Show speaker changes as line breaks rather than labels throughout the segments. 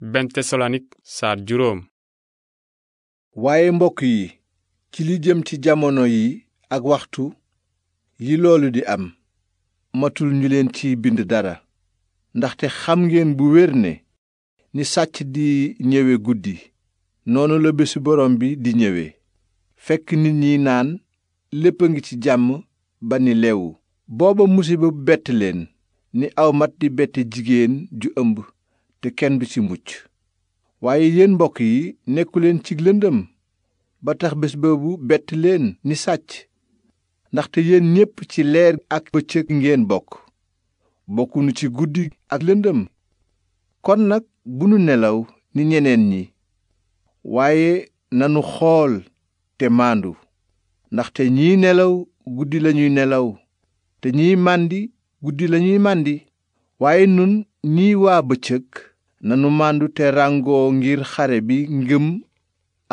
benn tesalonik juróom waaye mbokk yi ci li jëm ci jamono yi ak waxtu yi loolu di am matul ñu leen ci bind dara ndaxte xam ngeen bu wér ne ni sàcc di ñëwe guddi noonu la bésu borom bi di ñëwe fekk nit ñi naan lépp a ngi ci jàmm ba ni lewu booba musiba bett leen ni aw mat di bette jigéen ju ëmb te kenn du ci mucc waaye yéen mbokk yi nekkuleen cig lëndëm ba tax bés boobu bett leen ni sàcc ndaxte yéen ñépp ci leer ak bëccëg ngeen bokk bokkunu ci guddi ak lëndëm kon nag bu nu nelaw ni ñeneen ñi waaye nanu xool te maandu ndaxte ñiy nelaw guddi lañuy nelaw te ñiy màndi guddi lañuy màndi waaye nun nii waa bëccëg nanu màndu te ràngoo ngir xare bi ngëm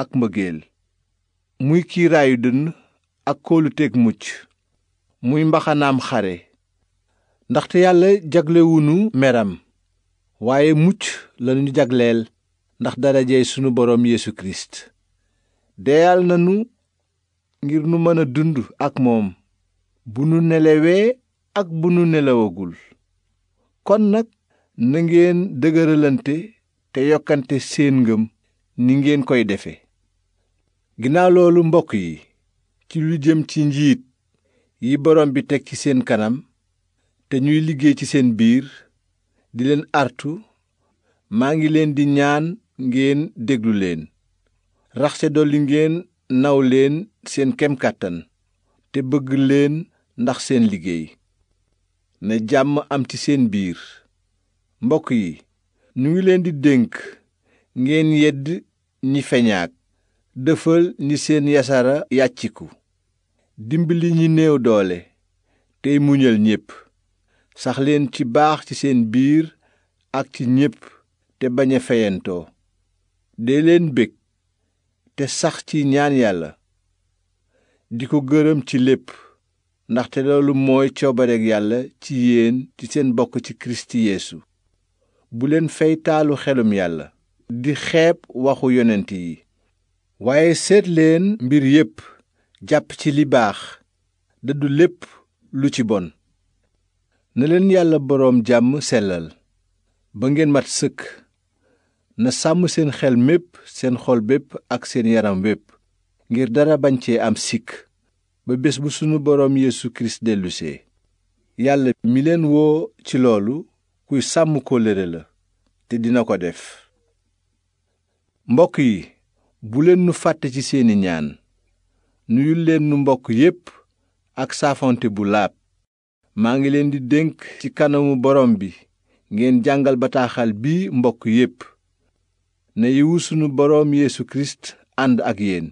ak mbëggeel muy kiiraayu dënn ak kóoluteeg mucc muy mbaxanaam xare ndaxte yàlla jaglewuñu meram waaye mucc lañu jagleel ndax darajey sunu borom Yeesu Kirist deyal nanu ngir nu mën a dund ak moom bu nu nelawee ak bu nu nelawagul kon nag na ngeen dëgëralante te yokkante seen ngëm ni ngeen koy defe ginnaaw loolu mbokk yi ci lu jëm ci njiit yi borom bi teg ci seen kanam te ñuy liggéey ci seen biir di leen artu maa ngi leen di ñaan ngeen déglu leen raxse dolli ngeen naw leen seen kem kàttan te bëgg leen ndax seen liggéey na jàmm am ci seen biir mbokk yi ñu ngi leen di dénk ngeen yedd ñi feñaak dëfal ñi seen yasara yàcciku dimbili ñi néew doole tey muñal ñépp sax leen ci baax ci seen biir ak ci ñépp te bañ a feyantoo dee leen bég te sax ci ñaan yàlla di ko gërëm ci lépp ndaxte loolu mooy coobareek yàlla ci yéen ci seen bokk ci kirist yeesu bu leen fey taalu xelum yàlla di xeeb waxu yonent yi waaye seet leen mbir yépp jàpp ci li baax dëddu lépp lu ci bon na leen yàlla boroom jàmm sellal ba ngeen mat sëkk na sàmm seen xel mépp seen xol bépp ak seen yaram wépp ngir dara bañ cee am sikk ba bés bu sunu boroom Yeesu Kirist dellusee yàlla mi leen woo ci loolu kuy sàmm kóllëre la te dina ko def mbokk yi bu leen nu fàtte ci seeni ñaan nuyul leen nu mbokk yépp ak saafonte bu laab maa ngi leen di dénk ci kanamu boroom bi ngeen jàngal bataaxal bi mbokk yépp na yiwu sunu boroom Yeesu Kirist ànd ak yéen